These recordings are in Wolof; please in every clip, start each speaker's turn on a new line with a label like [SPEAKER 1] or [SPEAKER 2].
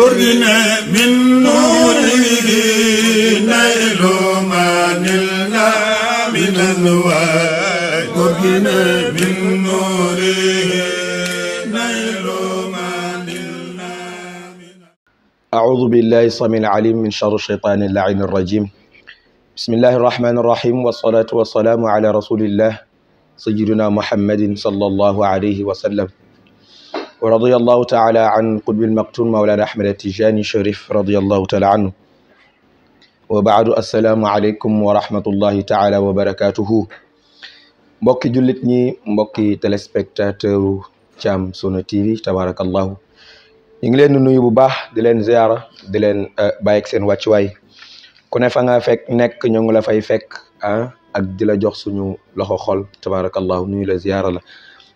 [SPEAKER 1] قرنا من نوره نيل من الله من الوعي قرنا من نوره نيل من أعوذ بالله السميع العليم من شر الشيطان اللعين الرجيم بسم الله الرحمن الرحيم والصلاة والسلام على رسول الله سيدنا محمد صلى الله عليه وسلم wa radiyallahu taala an qutbil maktum mawlana ahmed tijani sharif radiyallahu taala anhu wa baadu assalaamu aleykum wa rahmatullahi taala wa barakatuhu mbokki jullit ñi mbokki téléspectateur Thiam Sono TV tabarakallahu ñu ngi leen di nuyu bu baax di leen ziara di leen eh, bàyyi seen wàccuwaay ku ne fa nga fekk nekk ñoo ngi la fay fekk ah di la jox suñu loxo xol tabarakallahu nuyu la ziara la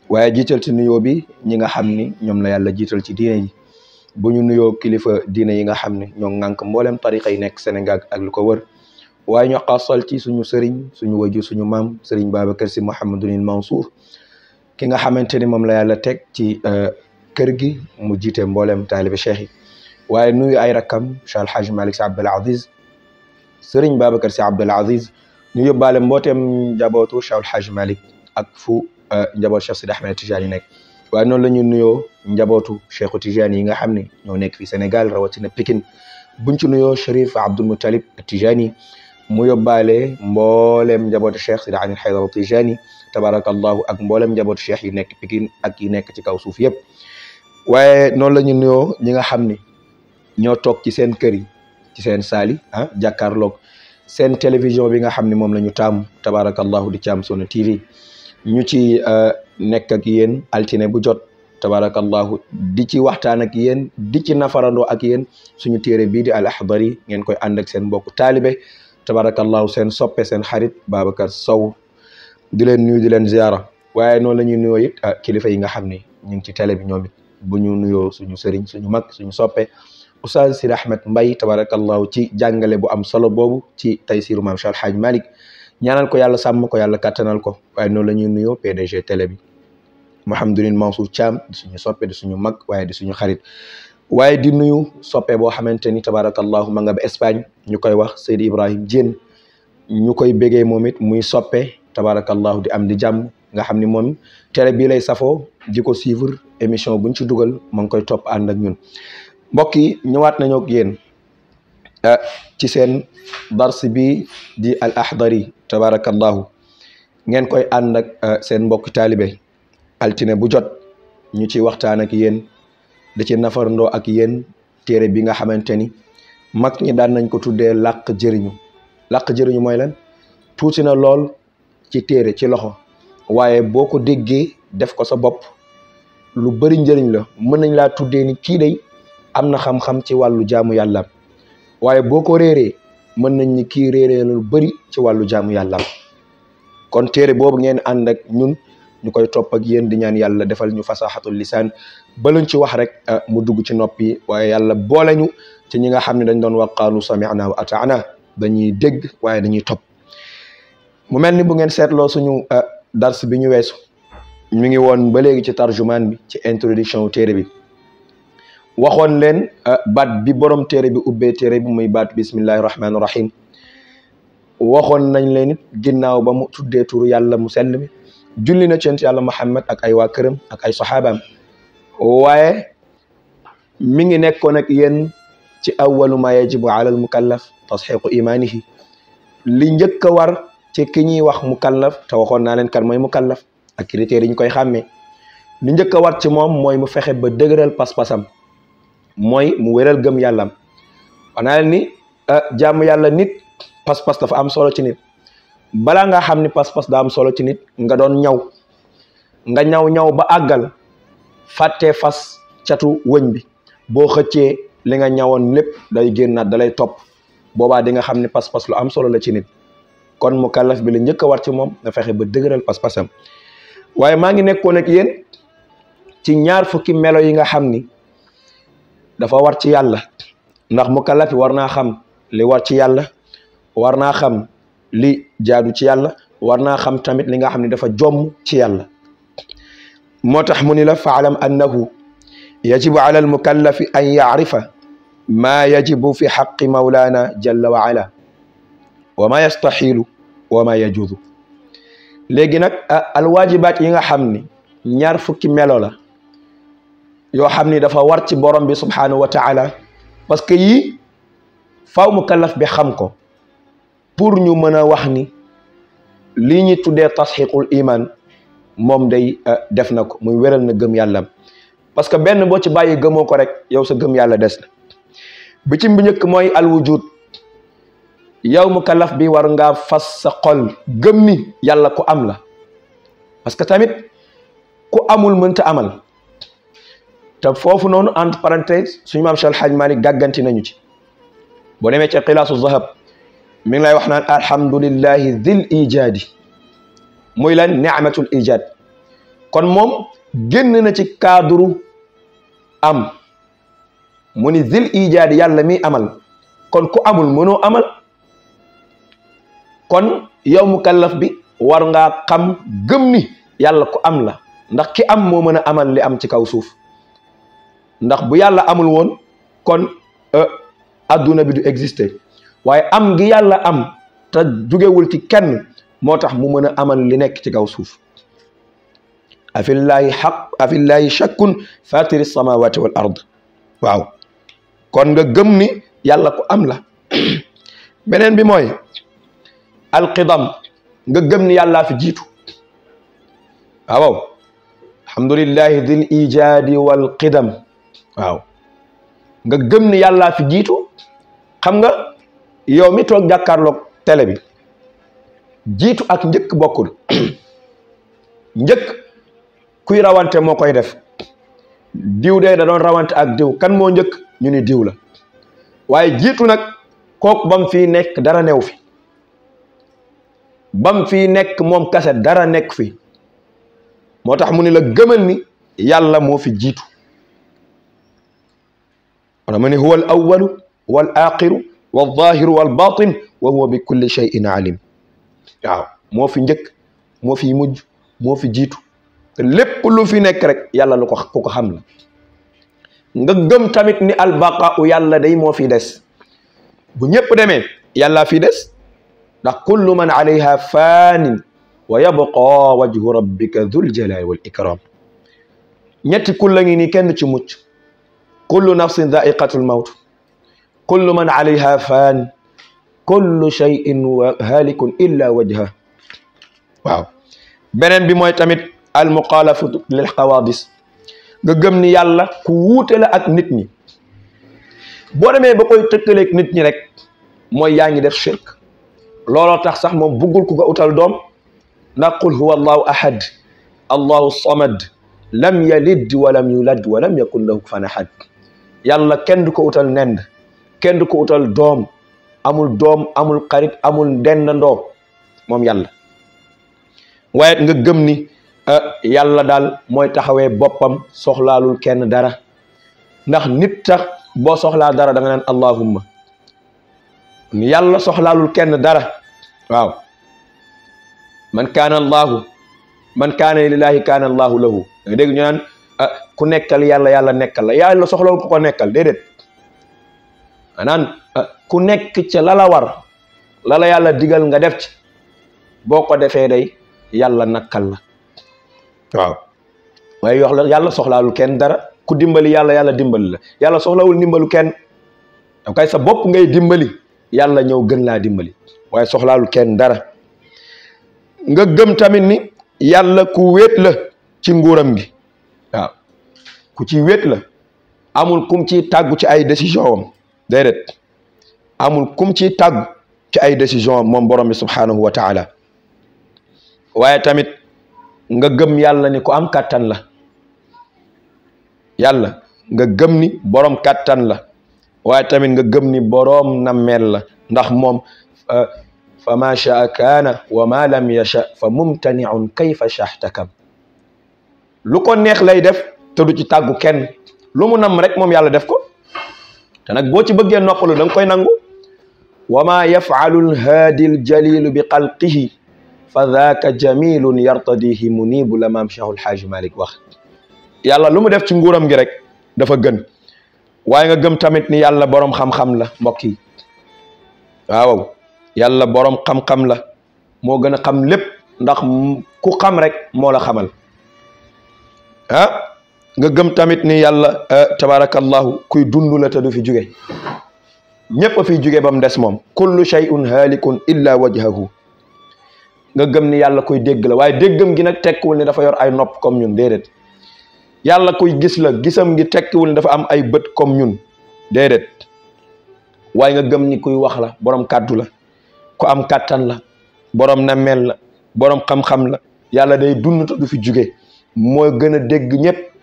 [SPEAKER 1] waaye jiital ci nuyoo bi ñi nga xam ni ñoom la yàlla jiital ci diine ji bu ñu nuyoo kilifa diine yi nga xam ne ñoom ŋànk mboolem tariqa yi nekk Sénégal ak lu ko wër waaye ñu xasal ci suñu sëriñ suñu waju suñu maam sëriñ Babacar Sy Mouhamadunil Mansour ki nga xamante ni moom la yàlla teg ci euh, kër gi mu jiite mboolem taalibe cheikh yi waaye nuyu ay rakkam Cheikh Al Hadj Malick Sy sëriñ Babacar Sy Abdoul Aziz ñu yóbbaale mbooteem njabootu Cheikh Al Hadj Euh, njaboot Cheikh Sidi Ahmed Tijani nekk waaye noonu la ñuy nuyoo njabootu Cheikhu Tijani yi nga xam ne ñoo nekk fi Sénégal rawatina Pikine buñ ci nuyoo Chérif Abdoul Moutalib Tijani mu yóbbaale mboolem njabootu Cheikh Sidi Ahmed Haydara Tijani tabarakallahu ak mboolem njabootu Cheikh yi nekk Pikine ak yi nekk ci kaw suuf yëpp waaye noonu la ñu nuyoo ñi nga xam ni ñoo toog ci seen kër yi ci seen saali ah jàkkaarloog seen télévision bi nga xam ni moom la ñu taamu tabarakallahu di ci am Sunu TV ñu ci euh, nekk ak yéen altine bu jot tabarakallahu di ci waxtaan ak yéen di ci nafarandoo ak yéen suñu téere bii di al axdari ngeen koy ànd ak seen mbokku taalibe tabarakallahu seen soppee seen xarit Babacar Sow di leen nuyu di leen ziara waaye noonu la ñuy nuyoo it ah, kilifa yi nga xam ne ñu ngi ci télé bi ñoom it bu ñu nuyoo suñu sëriñ suñu mag suñu soppe Oustaz Sidi Ahmed Mbaye tabarakallahu ci jàngale bu am solo boobu ci taysiru maam Cheikh Alhaaj malik ñaanal ko yàlla sàmm ko yàlla kàttanal ko waaye noonu la ñuy nuyoo PDG télé bi Mouhamadulil Mansour Thiam di suñu soppe di suñu mag waaye di suñu xarit waaye di nuyu soppee boo xamante ni tabarakallahu ma nga ba Espagne ñu koy wax Seydi Ibrahim Diène ñu koy bëggee moom it muy soppe tabarakallahu di am di jàmm nga xam ni moom télé bii lay safoo di ko suivre émission buñ ci dugal ma ngi koy topp ànd ak ñun mbokk yi ñëwaat nañoo ak yéen eh, ci seen dars bi di al ahdari tabarakallahu ngeen koy ànd ak uh, seen mbokk taalibe altine bu jot ñu ci waxtaan ak yéen di ci nafarndoo ak yéen téere bi nga xamante ni mag ñi daan nañ ko tuddee làq jëriñu làq jëriñu mooy lan tuuti na lool ci téere ci loxo waaye boo ko déggee def ko sa bopp lu bëri njëriñ la mën nañ laa tuddee ni kii day am na xam-xam ci wàllu jaamu yàlla waaye boo ko réeree mën nañ ni kii réeree lu bëri ci wàllu jàmm yàlla kon téere boobu ngeen ànd ak ñun ñu koy topp ak yéen di ñaan yàlla defal ñu fasaxatul lisaan ba luñ ci wax rek ah, mu dugg ci noppi waaye yàlla boole ñu ci ñi nga xam ne dañ doon wax qaalu sami'na wa ata'na dañuy dégg waaye dañuy topp mu mel ni bu ngeen seetloo suñu ah, dars bi ñu weesu mu ngi woon ba léegi ci tarjumaan bi ci introduction téere bi waxoon leen euh, baat bi boroom téere bi ubbee téere bi muy baat bismillahi rahmaani rahim waxoon nañ leen ginnaaw ba mu tuddee turu yàlla mu sell mi julli na cent yàlla Muhammad ak ay waa këram ak ay saxaabaam waaye mi ngi nekkoon ak yéen ci awwalu ma yajibu ala al mukallaf tasxiqu imaanihi li njëkk a war ci ki ñuy wax mukallaf te waxoon naa leen kan mooy mukallaf ak critères yi ñu koy xàmmee li njëkk a war ci moom mooy mu fexe ba dëgëral pas-pasam mooy mu wéral gëm yàllam wanaa leen ni ah, jàmm yàlla nit pas-pas dafa am solo ci nit balaa nga xam ni pas-pas am solo ci nit nga doon ñaw nga ñaw ñaw ba àggal fàttee fas catu wëñ bi boo xëccee li nga ñawoon lépp day da lay topp boobaa di nga xam ne pas-pas lu am solo la ci nit kon mu kàllaf bi la njëkk a war ci moom nga fexe ba dëgëral pas-pasam waaye maa ngi nekkoon ak yéen ci ñaar fukki melo yi nga xam ni dafa war ci yàlla ndax mukallaf war naa xam li war ci yàlla war naa xam li jaadu ci yàlla war naa xam tamit li nga xam ni dafa jomm ci yàlla moo tax mu ni la faalam annahu yajibu ala al mukallafi an yacrifa maa yajibu fi xaqi mawlaana jalla wa ala wa maa yastaxiilu wa maa yajuudu léegi nag alwaajibaat yi nga xam ni ñaar fukki melo la yoo xam ni dafa war ci borom bi subhanahu wa taala parce que yii faw mu kalaf bi xam ko pour ñu mën a wax ni lii ñi tuddee tasxiqul iman moom day euh, def na ko muy wéral na gëm yàllam parce que benn boo ci bàyyi gëmoo ko rek yow sa gëm yàlla des na bi ci njëkk mooy alwujud yow mu kalaf bi war ngaa fas sa xol gëm ni yàlla ku am la parce que tamit ku amul mënta amal te foofu noonu entre parenthèse suñu maam Cheikh Alhaaj Malick gàgganti nañu ci boo demee ci xilaasu zahab mi ngi lay wax naan alhamdulillahi dil ijaadi muy lan ni'matul ijaad kon moom génn na ci cadre am mu ni dil ijaadi yàlla mi amal kon ku amul mënoo amal kon yow mu kallaf bi war ngaa xam gëmmi ni yàlla ku am la ndax ki am moo mën a amal li am ci kaw suuf ndax bu yàlla amul woon kon euh, adduna bi du existe waaye am gi yàlla am te jugewul ci kenn moo tax mu mën a amal li nekk ci kaw suuf afillaahi xaq afillaahi shakkun fatiri samawati wal ard waaw kon nga gëm ni yàlla ko am la beneen bi mooy alqidam nga gëm ni yàllaa fi jiitu waaw alhamdulillahi dil ijaadi wal qidam waaw nga gëm ni yàllaa fi jiitu xam nga yow mi toog jàkkaarloog télé bi jiitu ak njëkk bokkul njëkk kuy rawante moo koy def diw de da doon rawante ak diw kan moo njëkk ñu ni diw la waaye jiitu nag kook bam fii nekk dara new fi bam fi nekk moom kase dara nekk fi moo tax mu ni la gëmal ni yàlla moo fi jiitu wala mu ne huwa al awalu huwa al wa huwa bi kulli shay'in alim moo fi njëkk moo fi mujj moo fi jiitu te lépp fi nekk rek yàlla lu ko ku ko xam la tamit ni albaqaau yàlla day moo fi des bu ñëpp demee yàlla fi des ndax kullu man alayha faanin wa yabqa wajhu rabbika dhul jalali wal ikram ñetti ngi nii kenn ci mucc kullu nafsin daiqatul mawt kullu man alayha faan kullu shay'in halikun illa wajha waaw beneen bi mooy tamit al muxaalafatu lil xawaadis nga gëm ni yàlla ku wuute la ak nit ñi boo demee ba koy tëkkaleeg nit ñi rek mooy yaa ngi def shirk looloo tax sax moom buggul ku ko utal doom ndax qul huwa allahu ahad allahu samad lam yalid walam yulad walam yakun lahu kufuwan ahad yàlla kenn du ko utal nend kenn du ko utal doom amul doom amul xarit amul ndendandoo moom yàlla waaye nga gëm ni ah, yàlla daal mooy taxawe boppam soxlaalul kenn dara ndax nit tax boo soxlaa dara da nga naan allahumma yàlla soxlaalul kenn dara waaw man kaana allahu man kaana lillaahi kaana allahu lahu da nga dégg naan Ah, ku nekkal yàlla yàlla nekkal la yàlla soxla ko nekkal déedéet maanaam ah, ku nekk ca la la yàlla digal nga def boo ko defee day yàlla nakkal la waaw yox la yàlla soxlaalul kenn dara ku dimbali yàlla yàlla dimbali la yàlla soxlawul ndimbalu kenn daf sa bopp ngay dimbali yàlla ñëw gën laa dimbali waaye soxlaalul kenn dara nga gëm tamit ni yàlla ku wéet la ci nguuram gi ku ci wéet la amul kum ci tàggu ci ay décision am déedéet amul kum ci tàggu ci ay décision am moom borom bi subhaanahu wa waaye tamit nga gëm yàlla ni ku am kàttan la yàlla nga gëm ni borom kattan la waaye tamit nga gëm ni boroom nammeel la ndax moom euh, fa ma shaa wa ma lam yasha fa mumtaniun kayfa shahtakam lu ko neex lay def te du ci tàggu kenn lu mu nam rek moom yàlla def ko te nag boo ci bëggee noppalu da koy nangu wama ma yafaalu lhaadi ljalilu bi xalqihi fa daaka jamilun yartadihi munibu la maam cheikh ulhaaji malik wax yàlla lu mu def ci nguuram gi rek dafa gën waaye nga gëm tamit ni yàlla boroom xam la mbokk yi waaw yàlla boroom xam la moo gën a xam lépp ndax ku xam rek moo la xamal ah nga gëm tamit ni yàlla eh, tabarakallahu kuy dund la te du fi jóge ñëpp a fi jóge ba mu des moom kullu shay'un halikun illa wajhahu nga gëm ni yàlla kuy dégg la waaye déggam gi nag tekkiwul ni dafa yor ay nopp comme ñun déedéet yàlla kuy gis la gisam gi tekkiwul dafa am ay bët comme ñun déedéet waaye nga gëm ni kuy wax la boroom kàddu la ku am kàttan la borom nameel la boroom xam-xam la yàlla day dund te du fi jóge moo gën a dégg ñëpp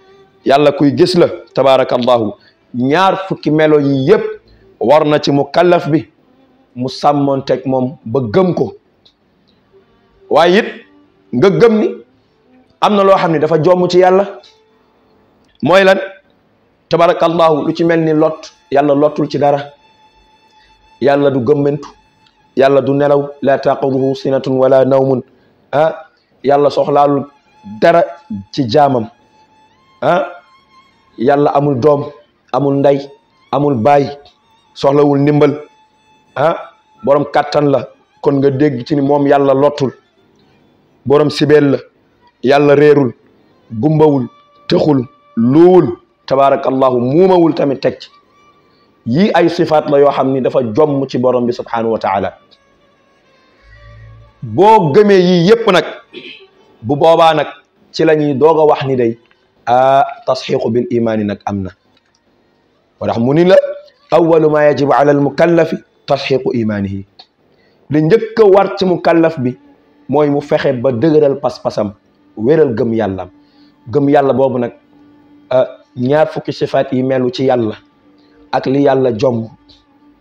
[SPEAKER 1] yàlla kuy gis la tabaarakallahu ñaar fukki melo yi yëpp war na ci mu kallaf bi mu sàmmoonteeg moom ba gëm ko waaye it nga ni am na loo xam ni dafa jomm ci yàlla mooy lan tabaarakallahu lu ci mel ni lot yàlla lottul ci dara yàlla du gëmmentu yàlla du nelaw la taquduhu sinatun wala nawmun ah yàlla soxlaalul dara ci jaamam ah yàlla amul doom amul ndey amul baay soxlawul ndimbal ah borom kàttan la kon nga dégg ci moom yàlla lottul borom sibeel la yàlla réerul gumbawul texul luwul tabaarakallahu muumawul tamit teg ci yii ay sifaat la yoo xam ni dafa jomm ci borom bi subhanahu wa boo gëmee yii yépp nag bu boobaa nag ci la ñuy doog a wax ni day ah tasxiqu bil imaani nag am na moo tax mu ni la awalu maa yajibu ala al mukallafi tasxiqu imaanihi li njëkk a war ci mukallaf bi mooy mu fexe ba dëgëral pas-pasam wéral gëm yàllam gëm yàlla boobu nag ah, ñaar fukki sifaat yi melu ci yàlla ak li yàlla jomb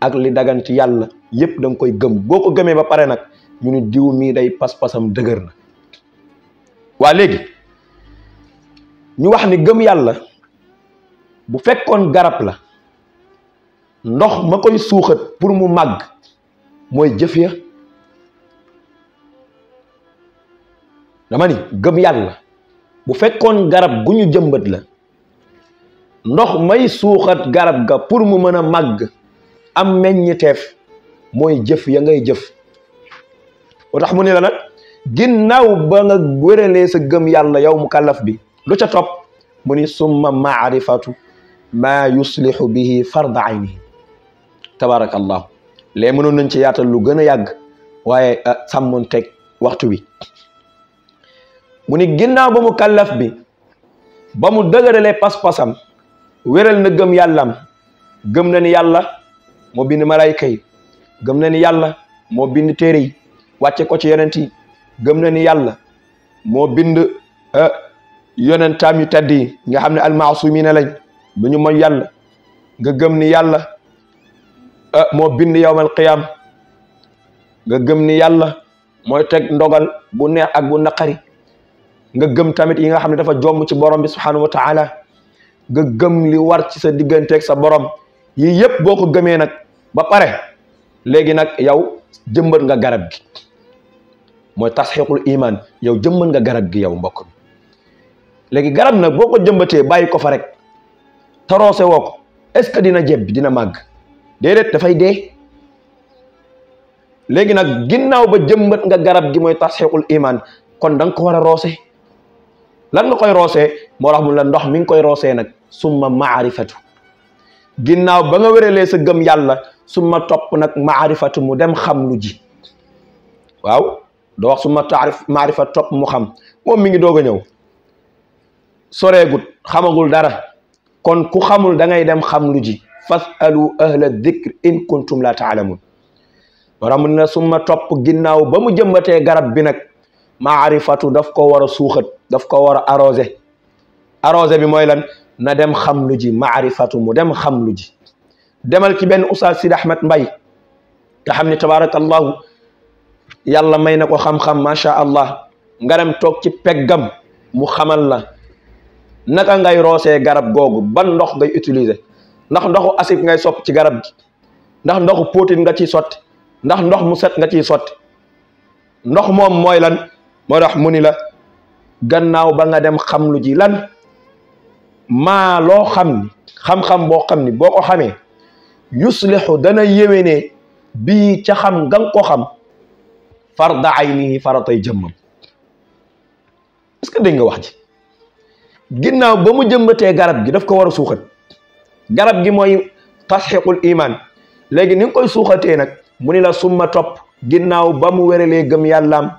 [SPEAKER 1] ak li dagan ci yàlla yépp dang koy gëm boo ko gëmee ba pare nag ñu ni diw mii day pas dëgër na waa léegi ñu wax ni gëm yàlla bu fekkoon garab la ndox ma koy suuxat pour mu màgg mooy jëf ya dama ni gëm yàlla bu fekkoon garab gu ñu jëmbat la ndox may suuxat garab ga pour mu mën a màgg am meññiteef mooy jëf ya ngay jëf moo tax mu ne la nag ginnaaw ba nga wéralee sa gëm yàlla yow mu kàllaf bi lu ca topp mu ni summa maarifatu maa yuslihu bihi farda aynihi tabaraka allahu léegi mënoon nañ ci yaatal lu gën a yàgg waaye eh, sàmmoon waxtu wi muni ni ginnaaw ba mu kàllaf bi ba mu dëgëralee pas-pasam wéral na gëm yàllam gëm na yàlla moo bind malayka yi gëm na ni yàlla moo bind téere yi wàcce ko ci yonent yi gëm na ni yàlla bind eh, yonentaam yu tedd nga xam ne almaasumiina lañ du ñu mooy yàlla nga gëm ni yàlla ah, moo bind yawmal qiyaam nga gëm ni yàlla mooy teg ndogal bu neex ak bu naqari nga gëm tamit yi nga xam ne dafa jomm ci borom bi subhaanahu wa taala nga gëm li war ci sa digganteeg sa borom yii yëpp boo ko gëmee nag ba pare léegi nag yow jëmbat nga garab gi mooy tasxiqul imaan yow jëmbat nga garab gi yow mbokk léegi garab nag boo ko jëmbatee bàyyi ko fa rek taroose woo ko est-ce que dina jebbi dina màgg déedéet dafay dee léegi nag ginnaaw ba jëmbat nga garab gi mooy tasxiqul imaan kon da nga ko war a roose lan nga koy roosee moo tax mu la ndox mi nga koy roosee nag summa maarifatu ginnaaw ba nga wérelee sa gëm yàlla summa topp nag maarifatu mu dem xam lu ji waaw doo wax summa taarif topp mu xam moom mi ngi doog a ñëw soreegut xamagul dara kon ku xamul dangay dem xam lu ji fasalu ahla dikr in kuntum la taalamun waram na summa topp ginnaaw ba mu jëmbatee garab bi nag maarifatu daf ko war a suuxat daf ko war a arrosé arrosé bi mooy lan na dem xam lu ji maarifatu mu dem xam lu ji demal ci benn oustaz Sidi Ahmed Mbay nga xam ne tabarakallahu yàlla may na ko xam-xam macha allah nga dem toog ci peggam mu xamal la naka ngay roosee garab googu ban ndox ngay utilise ndax ndoxu asib ngay sopp ci garab gi ndax ndoxu póotin nga ciy sotti ndax ndox mu set nga ciy sotti ndox moom mooy lan moo mu ni la gannaaw ba nga dem xam lu ji lan maa loo xam ni xam-xam boo xam ni boo ko xamee yuslixu dana yéwénee bi ca xam nga nga ko xam farda aynihi faratay jëmmam est-ce que dégg nga wax ji ginnaaw ba mu jëmbatee garab gi daf ko war a suuxat garab gi mooy tasxiqul iman léegi ni koy suuxatee nag mu ni la summa topp ginnaaw ba mu wéralee gëm yàllaam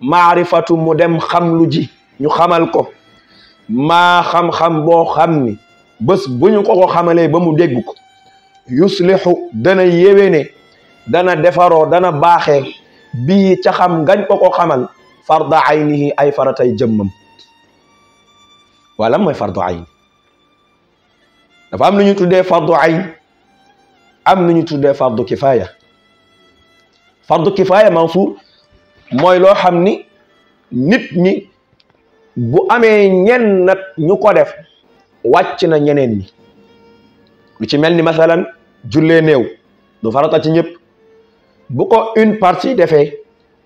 [SPEAKER 1] maarifatu mu dem xam lu ji ñu xamal ko maa xam-xam boo xam ni bés bu ñu ko ko xamalee ba mu dégg ko yuslixu dana yéwéne dana defaroo dana baaxee bi ca xam ngañ ko ko xamal farda aynihi ay faratay jëmmam waa mooy fardu ayn dafa am lu ñu tuddee fardu ayn am lu ñu tuddee fardu kifaaya fardu kifaaya Mansour mooy loo xam ni nit ñi bu amee ñenn nag ñu ko def wàcc na ñeneen ñi lu ci mel ni masalan jullee néew du farata ci ñëpp bu ko une partie defee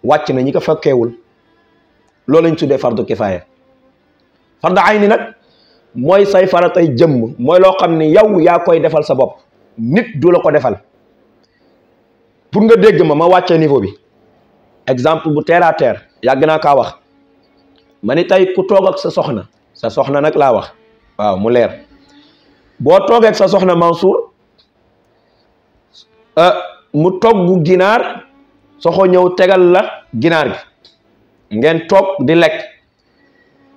[SPEAKER 1] wàcc na ñi ko fekkeewul loolu lañ tuddee fardu kifaaya fardu ni nag mooy say faratay jëmm mooy loo xam ne yow yaa koy defal sa bopp nit du la ko defal pour nga dégg ma ma wàccee niveau bi exemple bu terre à yàgg naa kaa wax ma ni tey ku toog ak sa soxna sa soxna nag laa wax waaw mu leer boo toogee sa soxna Mansour euh, mu togg ginaar soxo ñëw tegal la ginaar gi ngeen toog di lekk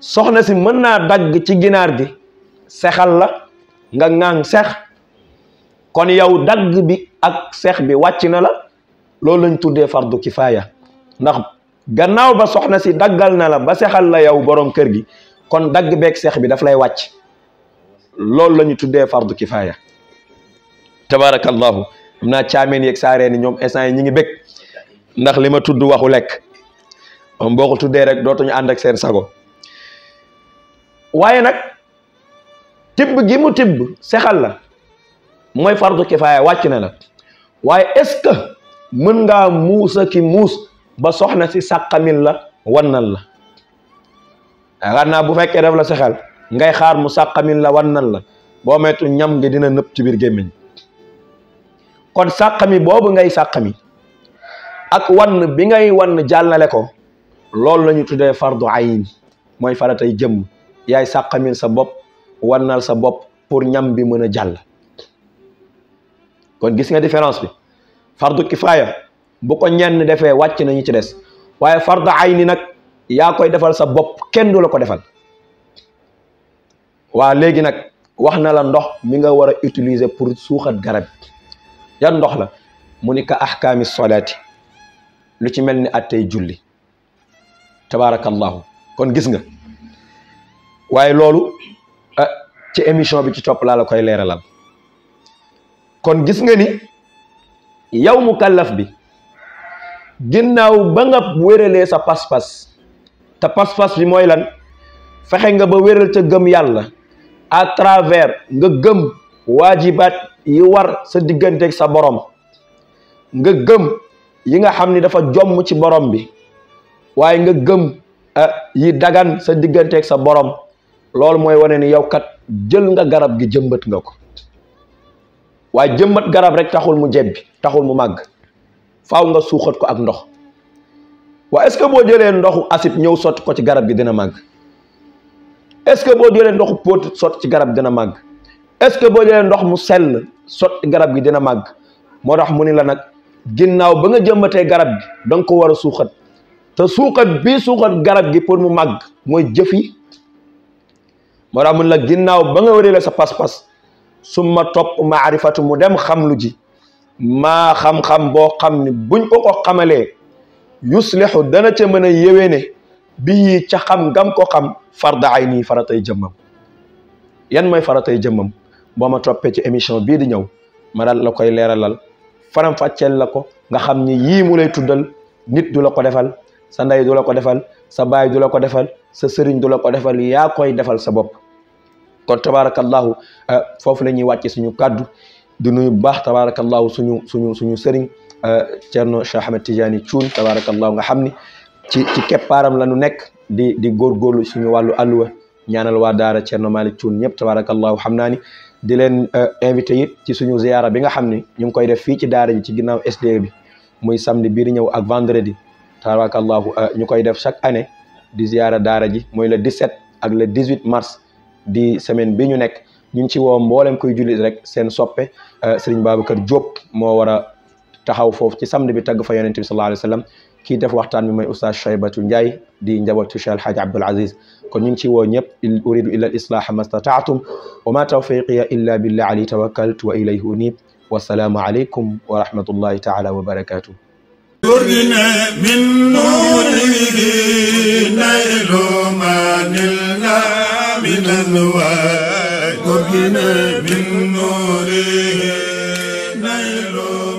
[SPEAKER 1] soxna si mën naa dagg ci ginaar gi sexal la nga ŋaang sex kon yow dagg bi ak seex bi wàcc na la loolu lañ tuddee fardu kifaaya ndax gannaaw ba soxna si daggal na la ba sexal la yow borom kër gi kon dagg beek seex bi daf lay wàcc loolu la ñu tuddee fardu kifaaya tabarakallahu am naa caameen yeeg saaree ni ñoom instant yi ñi ngi bëgg ndax li ma tudd waxu lekk moom boo ko tuddee rek dootuñu ànd ak seen sago waaye nag tibb gi mu tibb sexal la mooy fardu kifaaya wàcc na la waaye est-ce que mën nga muusa ki muus ba soxna si sàqamil la wannal la yaakaar naa bu fekkee def la sexal ngay xaar mu sàqamil la wannal la boo meetu ñam ngi dina nëpp ci biir gémmiñ kon sàqami boobu ngay sàqami ak wann bi ngay wann jàllale ko loolu lañu ñu tuddee fardu ayn mooy faratay jëmm yaay sàqamil sa bopp wannal sa bopp pour ñam bi mën a jàll kon gis nga différence bi fardu kifaaya bu ko ñenn defee wàcc nañu ci des waaye fardu ayni nag yaa koy defal sa bopp kenn du la ko defal waa léegi nag wax na la ndox mi nga war a utiliser pour suuxat garab yan ndox la mu ni ka ahkaami solaati lu ci mel ni attey julli tabaarakallahu kon gis nga waaye loolu ah, ci émission bi ci topp laa la koy leeralal kon gis nga ni yow mu kàllaf bi ginnaaw ba nga wéralee sa pas-pas te pas-pas bi mooy lan fexe nga ba wéral sa gëm yàlla à travers nga gëm waajibaat yi war sa digganteek sa borom nga gëm yi nga xam ni dafa jomm ci borom bi waaye nga gëm ah, yi dagan sa digganteek sa borom loolu mooy wane ni yow kat jël nga garab gi jëmbat nga ko waaye jëmbat garab rek taxul mu jebbi taxul mu màgg faw nga suuxat ko ak ndox waa est-ce que boo jëlee ndoxu acide ñëw sotti ko ci garab gi dina màgg est-ce que boo jëlee ndoxu póot sotti ci garab dina màgg est-ce que boo jëlee ndox mu sell sotti garab gi dina màgg moo tax mu ni la nag ginnaaw ba nga jëmbatee garab gi da nga ko war suuxat te suuxat bi suuxat garab gi pour mu màgg mooy jëfi moo tax mun la ginnaaw ba nga wëree la sa pas-pas summa topp maarifatu mu dem xam lu ji maa xam-xam boo xam ni buñ ko ko xamalee yuslihu dana ca mën a yéwéne bii ca xam gam ko xam farda ay nii faratay jëmmam yan mooy faratay jëmmam boo ma toppee ci émission bii di ñëw ma daal la koy leeralal faram fàcceel la ko nga xam ni yiimu lay tuddal nit du la ko defal sa ndey du la ko defal sa baay du la ko defal sa sëriñ du la ko defal yaa koy defal sa bopp kon tabaarakallaahu euh, foofu la ñuy wàcce suñu kàddu di nuy bu baax tabaarakallaahu suñu suñu suñu sëriñ Cerno euh, Cheikh Ahmed Tidiane Thioune tabaarakallaahu nga xam ni ci ci keppaaram la ñu nekk di di góorgóorlu suñu wàllu alluwa ñaanal waa daara Cerno Malick Thioune ñëpp tabaarakallaahu xam naa ni di leen euh, invité it ci suñu ziyaara bi nga xam ni ñu ngi koy def fii ci daara ji ci ginnaaw SDE bi muy samedi biir ñëw ak vendredi tabaarakallaahu ñu koy def chaque année di ziyaara daara ji mooy le 17 ak le 18 mars di semaine bi ñu nekk ñu ngi ci woo mboolem koy jullit rek seen soppe euh, Serigne Babacar Diop moo war a taxaw foofu ci samedi bi tagg fa yonent bi sallallahu alayhi wa sallam kii def waxtaan bi mooy oustaz Chaybatu Ndiaye di njabootu Cheikh Alhaji Abdoul Aziz kon ñu ngi ci woo ñëpp uridu illa al islaha ma stataatum wa ma tawfiqiya illa billah alayhi tawakkaltu wa ilayhi unib والسلام عليكم ورحمة الله تعالى وبركاته نورنا من نوره نيل ما من الواد نور من نوره نيلو